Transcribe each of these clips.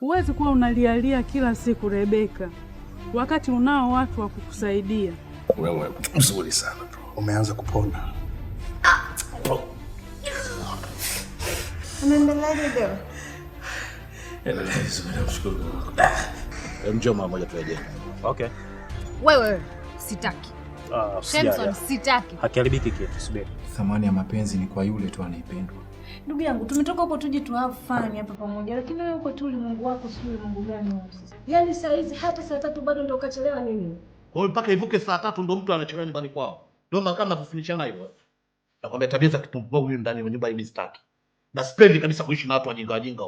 Huwezi kuwa unalialia kila siku Rebeka, wakati unao watu wa kukusaidia. Wewe mzuri sana bro, umeanza kupona. Mjoma moja Okay. Wewe sitaki. Ah, Samson, sitaki. Hakiharibiki kitu, subiri. Thamani ya mapenzi ni kwa yule tu anayependwa. Ndugu yangu, tumetoka huko tuje tu have fun hapa pamoja, lakini wewe uko tu ulimwengu wako, sio ulimwengu gani wewe sasa? Yaani saa hizi hata saa tatu bado ndio ukachelewa nini? Kwa hiyo mpaka ivuke saa tatu ndio mtu anachelewa nyumbani kwao. Ndio maana kama nafunishana hivyo. Nakwambia tabia za kitumbo huyu ndani ya nyumba hii mistaki. Na spendi kabisa kuishi na watu wajinga wajinga.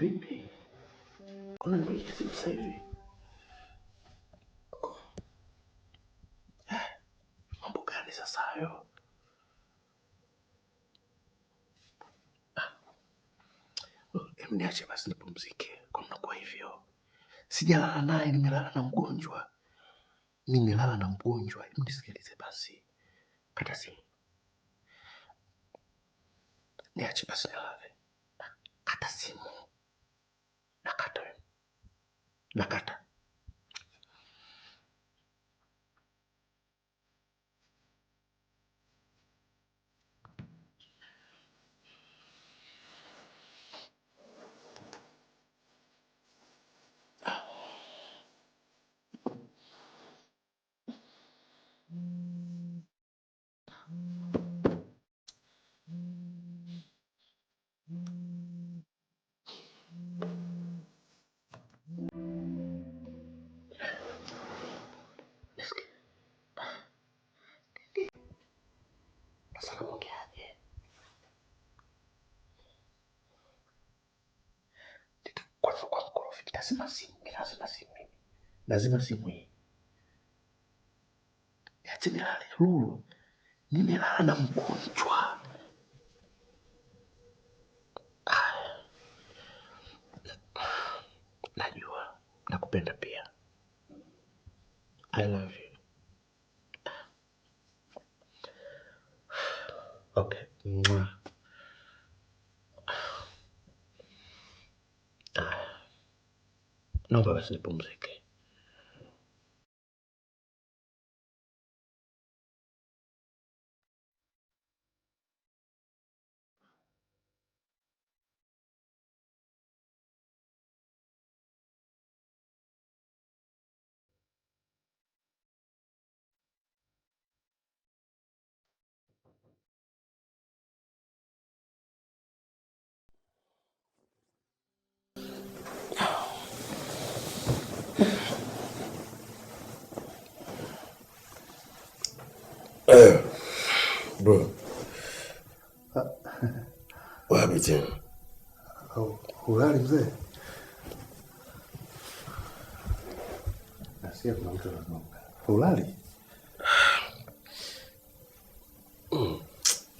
vipi? Kuna nini sasa hivi? Ah, mambo gani sasa hayo? Ah, oh, niache basi nipumzike, kwa mnakuwa hivyo. Sijalala naye, nimelala na mgonjwa, nimelala na mgonjwa. Nisikilize basi, kata simu. Niache basi nilale, ah, kata simu. na kata. lazima simwingi, lazima simwingi, lazima simwingi. Yaani Niache nilale Lulu, nimelala na mgonjwa. Najua nakupenda pia, I love you. Okay. Mwah. Não vai a ser por música. Ulali?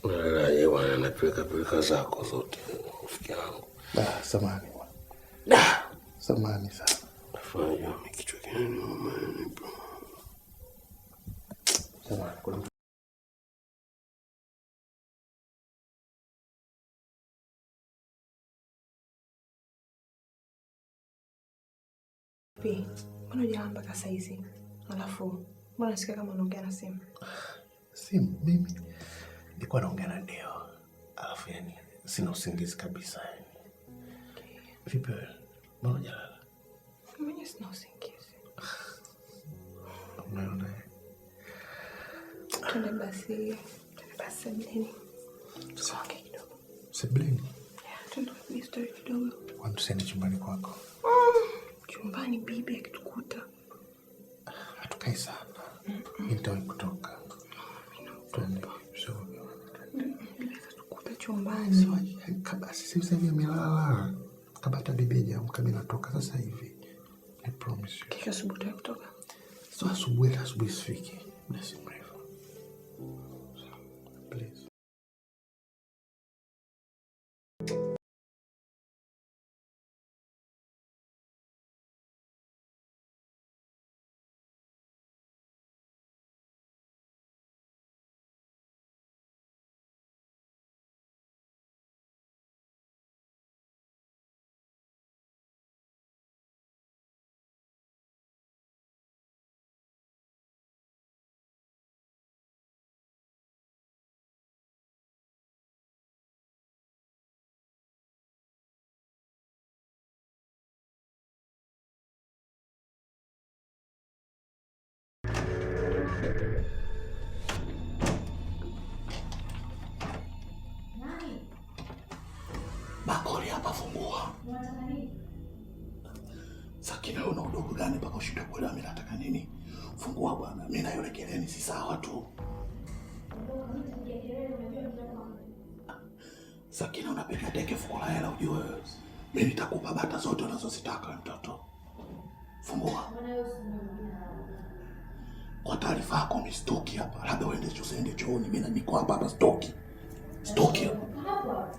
Ulalaje hmm. bwana na pilika pilika zako zote rafiki yangu. Da, samani bwana. Da, samani sana. Nafanya kichwa kinani mama nipo. Samani. Pi, mbona hujalala mpaka saa hizi? Alafu mbona nasikia kama unaongea na simu? Simu mimi nilikuwa naongea na Deo, alafu yani sina usingizi kabisa yani. Vipi wewe? Mbona hujalala? Mimi sina usingizi. Unaona? Tuende basi. Tuende basi sebleni. Tusonge kidogo. Sebleni? Yeah, tuende kwa kidogo. Kwani tusiende chumbani kwako? Mm, chumbani bibi akitukuta. Hai sana. Nitawahi kutoka. Twende. Tukupe chumbani. Sisi sasa hivi amelala. Kabata bibi hajaamka, mimi natoka sasa hivi. I promise you. Kesho asubuhi kutoka. Sio asubuhi, asubuhi sifiki. Muda si mrefu. mahali hapa, fungua. Sakina, una udogo gani mpaka ushinde kuelewa mimi nataka nini? Fungua bwana, mimi na yule keleni si sawa tu. Sakina, unapiga teke fukula hela ujue. Mimi nitakupa bata zote unazozitaka mtoto. Fungua. Kwa taarifa yako mimi stoki hapa. Labda uende chuo, uende chooni, mimi na niko hapa hapa stoki. Stoki hapa.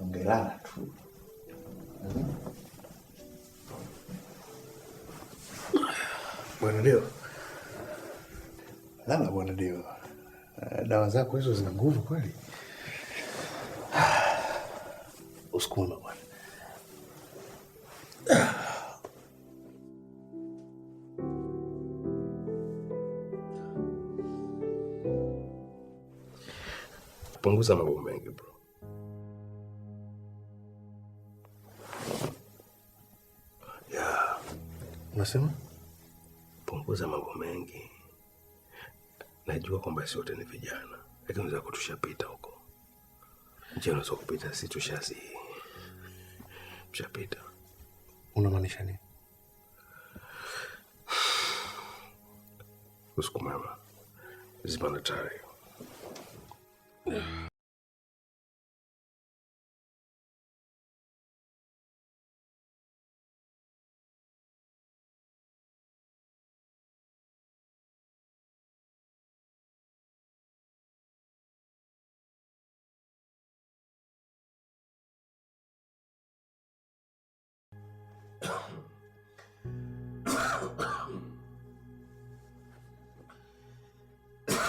ungelala tu bwana Deo. Lala bwana Deo, eh, dawa zako hizo zina nguvu kweli. Usikuma. nimepunguza mambo mengi bro. Yeah. Unasema? Punguza mambo mengi. Najua kwamba si wote ni vijana, lakini unaweza kutushapita huko. Njia unaweza kupita, si tushasi tushapita. Unamaanisha nini? Usiku mama, zibana tayari.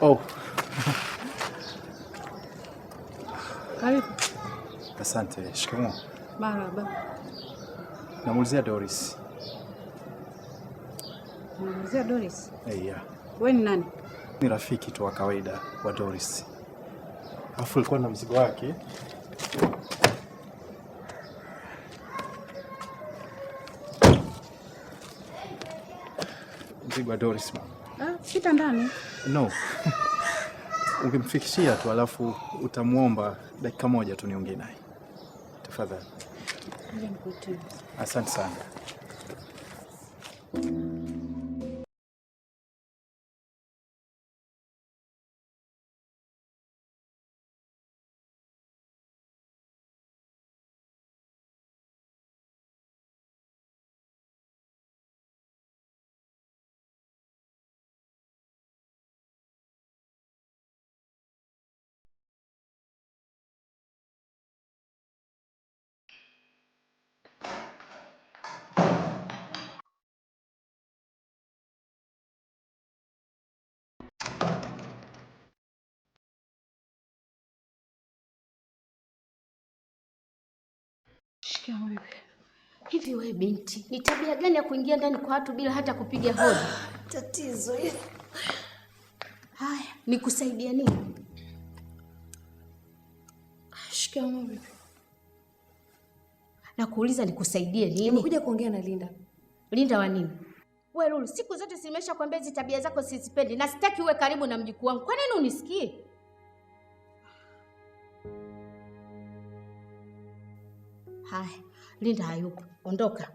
Oh. Karibu. Asante. Shikamoo. Marhaba. Namuulizia Doris. Namuulizia Doris? Eh, yeah. Wewe ni nani? Ni rafiki tu wa kawaida wa Doris. Afu alikuwa na mzigo wake. Mzigo wa Doris mama. Sita ndani? No. ukimfikishia tu alafu utamwomba dakika moja tu niongee naye tafadhali. Asante sana. yangu bibi. Hivi wewe binti, ni tabia gani ya kuingia ndani kwa watu bila hata kupiga hodi? Ah, tatizo hili. Haya, nikusaidia nini? Shika yangu Nakuuliza nikusaidie nini? Nimekuja kuongea na Linda. Linda wa nini? Wewe Lulu, siku zote simesha kwambia hizi tabia zako sizipendi na sitaki uwe karibu na mjukuu wangu. Kwa nini unisikii? Haya, Linda hayupo, ondoka.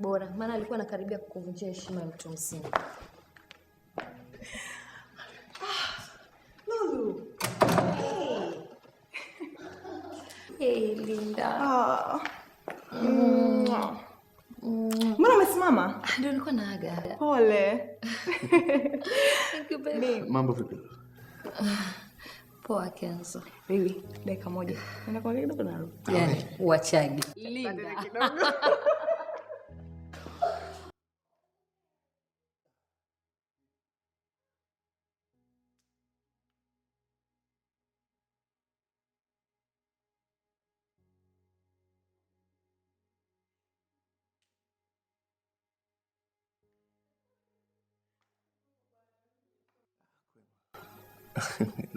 Bora maana alikuwa anakaribia kukuvunjia heshima ya mtu mzima. Ah, hey, Linda. Oh. Mm. Mm. Mbona umesimama? Ndio nilikuwa naaga. Pole. Mambo vipi? Poa Kenzo. Bibi, dakika moja. Nenda kidogo na rudi. Yaani, yaani. uachaji. Linda.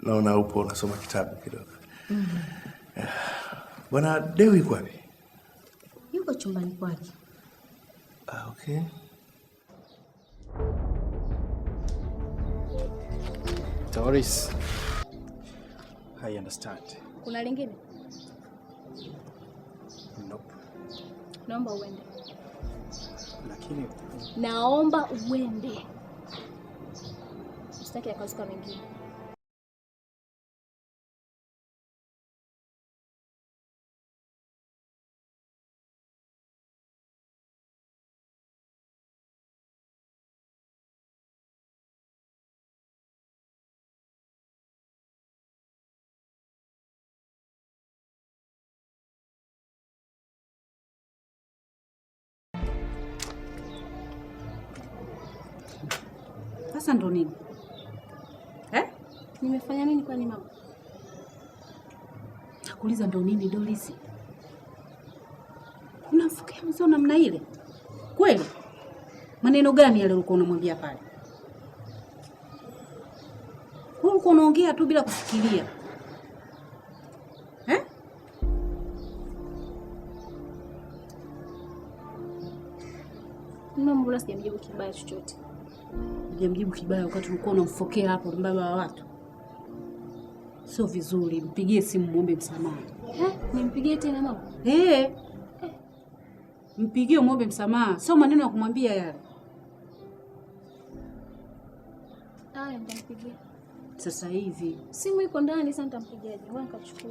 naona upo unasoma kitabu kidogo. mm -hmm. Bwana Deo yuko wapi? Yuko chumbani kwake. Ah, okay. Doris. I understand. Kuna lingine? Nope. Naomba uende. Lakini naomba uende. Usitaki kazi kama mengine. Sasa ndo nini eh? Nimefanya nini kwani mama? Nakuuliza ndo nini Dorisi? Unamfukia mzee namna ile kweli? Maneno gani yale ulikuwa unamwambia pale? Ulikuwa unaongea tu bila kufikiria eh? mbona sijamjibu kibaya chochote Hujamjibu kibaya wakati ulikuwa unamfokea hapo mbaba wa watu, sio vizuri. Mpigie simu muombe msamaha. Eh, nimpigie tena mama? Eh, eh. mpigie muombe msamaha, sio maneno ya kumwambia yale. sasa hivi. Simu iko ndani, sasa nitampigia. Jamani, kachukua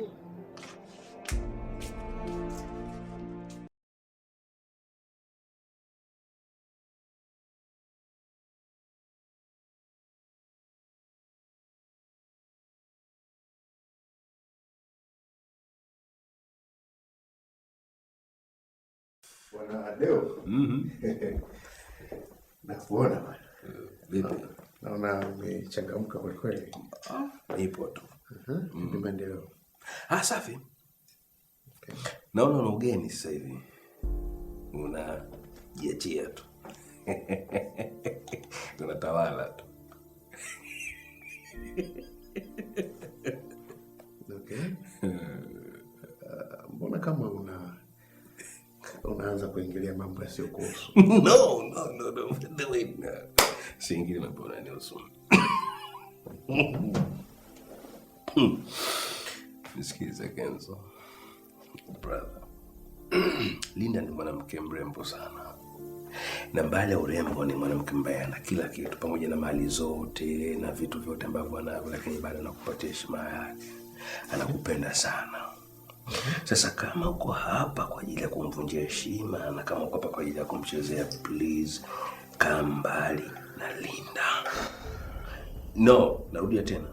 Ah, mm -hmm. nakuona bwana. Naona umechangamka kweli kweli. Nipo ah, tu. Mhm. Ah, safi. Okay. Naona una ugeni sasa hivi. jiachia tu. Unatawala tu. Okay. Mbona kama unaanza kuingilia mambo yasiyokuhusu. no, no, no, no. Siingili mambo yananihusu. Nisikize Kenzo. Brother. Linda ni mwanamke mrembo sana na mbali ya urembo ni mwanamke mbaya na kila kitu, pamoja na mali zote na vitu vyote ambavyo anavyo, lakini bado anakupatia heshima yake, anakupenda sana sasa kama uko hapa kwa ajili ya kumvunjia heshima na kama uko hapa kwa ajili ya kumchezea, please kaa mbali na Linda. No, narudia tena,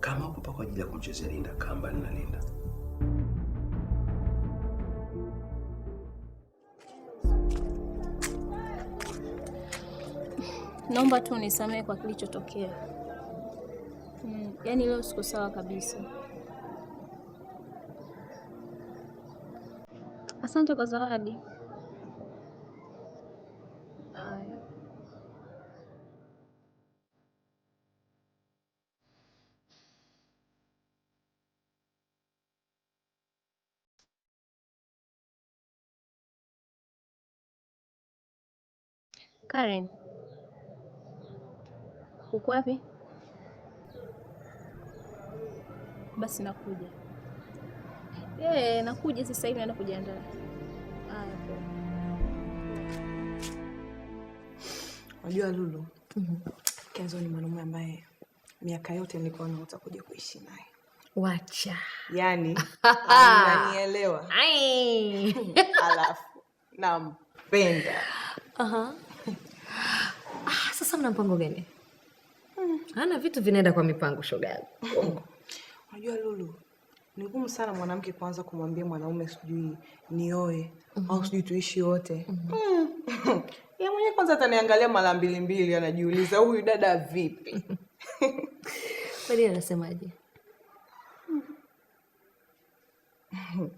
kama uko hapa kwa ajili ya kumchezea Linda, kaa mbali na Linda. Naomba tu nisamehe kwa kilichotokea. Mm, yaani leo siko sawa kabisa. Asante kwa zawadi. Karen, uko wapi? Basi nakuja. Eh, nakuja sasa hivi naenda kujiandaa. Unajua Lulu, mm Kenzo ni mwanaume ambaye miaka yote nilikuwa naota kuja kuishi naye. Wacha yani ananielewa. Alafu nampenda. Aha. Ah, sasa mna mpango gani? Hmm. Ana vitu vinaenda kwa mipango shoga Unajua Lulu, ni ngumu sana mwanamke kuanza kumwambia mwanaume sijui nioe mm -hmm. au sijui tuishi wote mm -hmm. ya mwenyewe kwanza ataniangalia mara mbili mbili, anajiuliza huyu dada vipi? kweli anasemaje?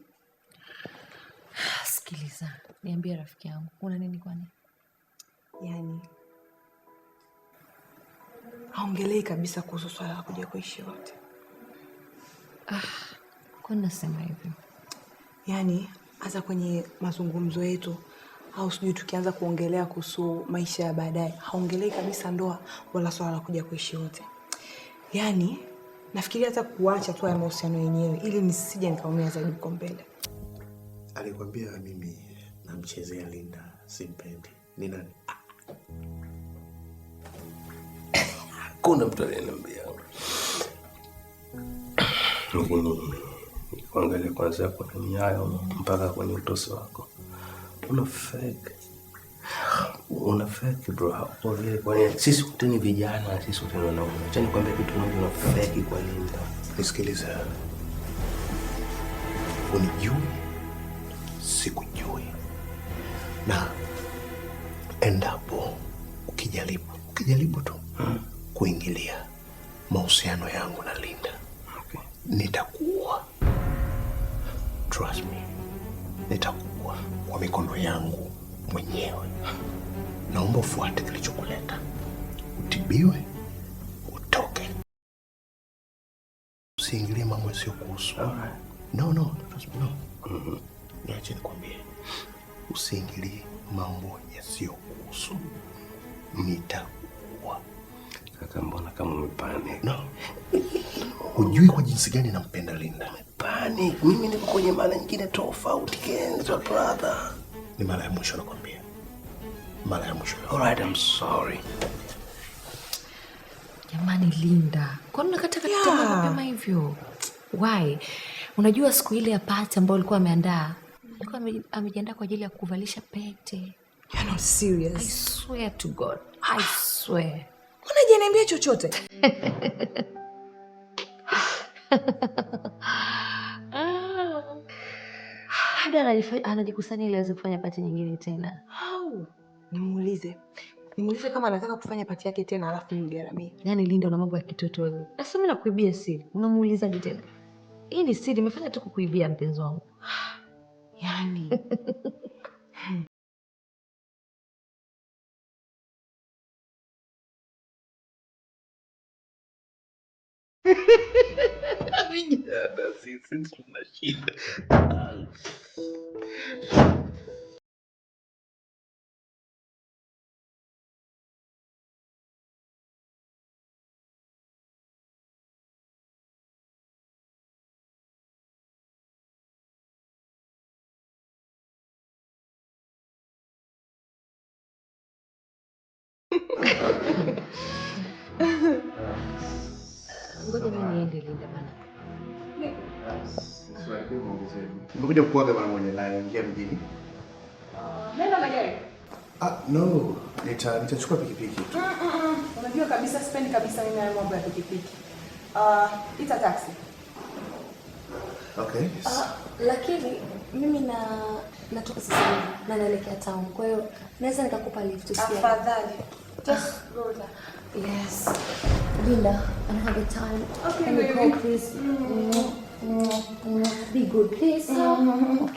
Sikiliza, niambie rafiki yangu, kuna nini kwani? Yani haongelei kabisa kuhusu swala la kuja kuishi wote ah. Kwani nasema hivyo? Yaani hata kwenye mazungumzo yetu au sijui tukianza kuongelea kuhusu maisha ya baadaye, haongelei kabisa ndoa wala swala la kuja kuishi wote. Yaani nafikiri hata kuacha tu haya mahusiano yenyewe ili nisije nikaumia zaidi huko mbele. Alikwambia mimi namchezea Linda, simpendi. Ni nani? Hakuna mtu aliyeniambia. Kuangalia kuanzia kwenye nyayo mpaka kwenye utosi wako. Una fake. Una fake bro. Hapo vile kwa nini sisi wote ni vijana, sisi wote ni wanaume. Acha nikwambie kitu kimoja, una fake kwa nini? Nisikilize. Unijui? Sikujui. Na endapo ukijaribu, ukijaribu tu hmm, kuingilia mahusiano yangu na Linda, okay, nitaku Trust me. Nitakuwa kwa mikono yangu mwenyewe. Naomba ufuate kilichokuleta, utibiwe, utoke, usiingilie mambo yasiyokuhusu. No, no, trust me, no. Mm Niache nikwambie, usiingilie mambo kuhusu, nitakuwa kaka. Mbona kama umepane? No, hujui kwa jinsi gani nampenda Linda fulani, Mimi niko kwenye mara nyingine tofauti Kenzo brother. Ni mara ya mwisho nakwambia. Mara ya mwisho. All right, I'm sorry. Jamani Linda, kwa nini unakata kata mapema hivyo? Why? Unajua siku ile ya party ambayo alikuwa ameandaa, alikuwa amejiandaa kwa ajili ya kuvalisha pete. You're not serious. I swear to God. I swear. Mbona hujaniambia chochote? labda anajikusanya ili aweze kufanya pati nyingine tena. Au nimuulize, nimuulize kama anataka kufanya pati yake tena, alafu nimgaramie. Yaani Linda, una mambo ya kitoto wewe. Nasema nakuibia siri, unamuulizaje tena? Hii ni siri, nimefanya tu kukuibia mpenzi wangu. Yaani Existência na China. Good evening, l i d a Manang. hivyo Nimekuja kukuaga bwana mwenye na ingia mjini. nenda ah, na gari. Ah, no. Nita nitachukua pikipiki tu. Mm, mm, mm. Unajua kabisa sipendi kabisa mimi na mambo ya pikipiki. Ah, uh, ita taxi. Okay. Yes. Uh, ah, lakini mimi na natoka sasa na naelekea town. Kwa hiyo naweza nikakupa lift usiye. Afadhali. Just there. Yes. Linda, I have a time. Okay, Can you please? Mm. Mm. Di good desa. Wewe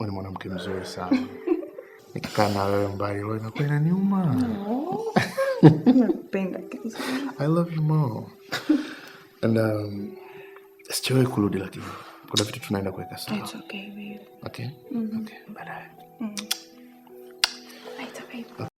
ni mwanamke mzuri sana. Nikikaa na wewe mbali wewe inakuwa inaniuma. Nakupenda kitu. I love you more. And um, sijawahi kurudi lakini kuna vitu tunaenda kuweka sawa. It's okay babe. Okay? Mm-hmm. Mm -hmm. Okay. Bye. Mm. Okay.